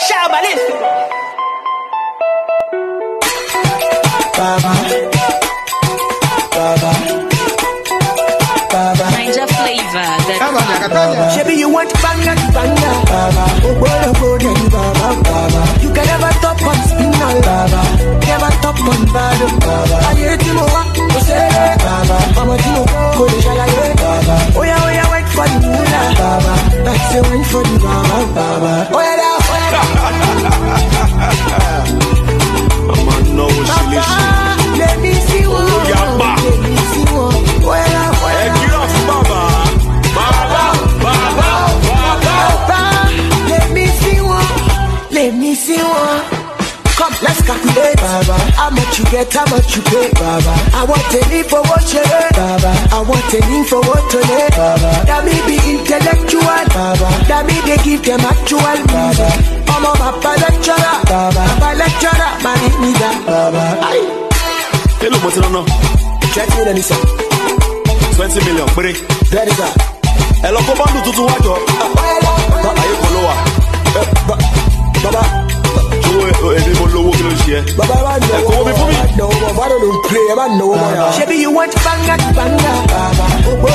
Shabalista. Baba. Baba. flavor. you want Baba. baba You can never top on baba. Never top on baba. Mama baba. Oya oya wait for the mula baba. That's the for the baba baba. Come, let's calculate, Baba. How much you get, how much you pay, Baba. I want to live for what you learn, Baba. I want to live for what to learn, Baba. That me be intellectual, Baba. That me they give them actual, Baba. I'm a Papa lecturer, Baba. Papa lecturer, man, it me that, Baba. Aye. Hello, what's it on now? Check me the listen. 20 million, break. There is a. Hello, come on, do to watch your. Ayé kò ló Baba, I know. Let know. I don't play. I know. Baby, you want banger, banger. Baba.